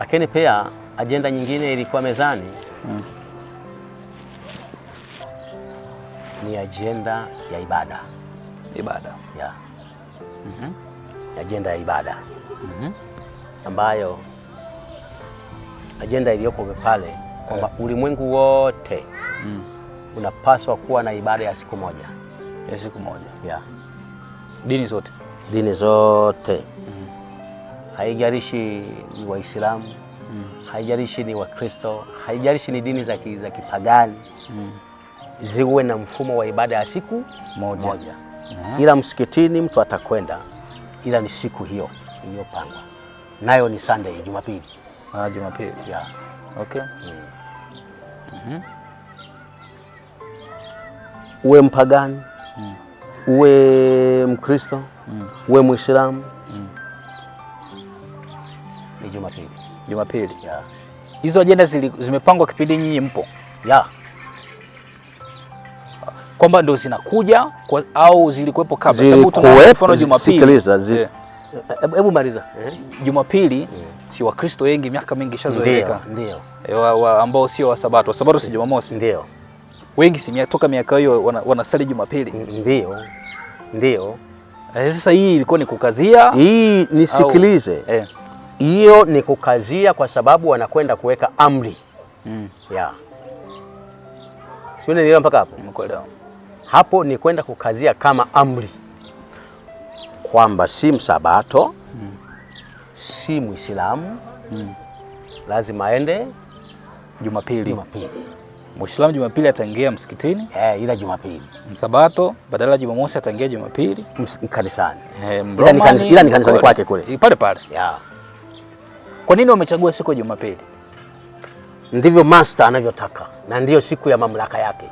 Lakini pia ajenda nyingine ilikuwa mezani mm. ni ajenda ya ibada ibada ya mm -hmm. ajenda ya ibada mm -hmm. ambayo ajenda iliyoko pale kwamba yeah. ulimwengu wote mm. unapaswa kuwa na ibada ya siku moja ya siku moja yeah. dini zote dini zote mm haijarishi ni Waislamu mm. haijarishi ni Wakristo, haijarishi ni dini za kipagani mm. ziwe na mfumo wa ibada ya siku moja, moja. Mm. ila msikitini mtu atakwenda, ila ni siku hiyo iliyopangwa, nayo ni Sunday, Jumapili. Ah, Jumapili. Yeah. Okay. Mm. Mm -hmm. uwe mpagani mm. uwe Mkristo mm. uwe Mwislamu mm ni Jumapili. Jumapili. Yeah. Hizo ajenda zimepangwa kipindi nyinyi mpo? Yeah. Kwamba ndo zinakuja kwa, au zilikuwepo kabla? Sababu Jumapili. Sikiliza, eh. eh, hebu maliza. Eh? Jumapili si Wakristo wengi miaka mingi ishazoeleka. Ndio. E, ambao sio wa Sabato. Sabato si Jumamosi. Ndio. Wengi si toka miaka hiyo wanasali wana Jumapili. Ndio. Ndio. sasa hii ilikuwa ni kukazia. Hii nisikilize. Au, eh hiyo ni kukazia, kwa sababu wanakwenda kuweka amri mm. yeah. mpaka hapo Mkoda. Hapo ni kwenda kukazia kama amri kwamba si msabato mm. si Mwislamu mm. lazima aende Jumapili. Mwislamu Jumapili ataingia msikitini eh, ila Jumapili. Msabato badala ya Jumamosi ataingia Jumapili kanisani, eh, ila ni kanisani kwake kule pale pale, yeah. Kwa nini wamechagua siku ya Jumapili? Ndivyo master anavyotaka na ndiyo siku ya mamlaka yake.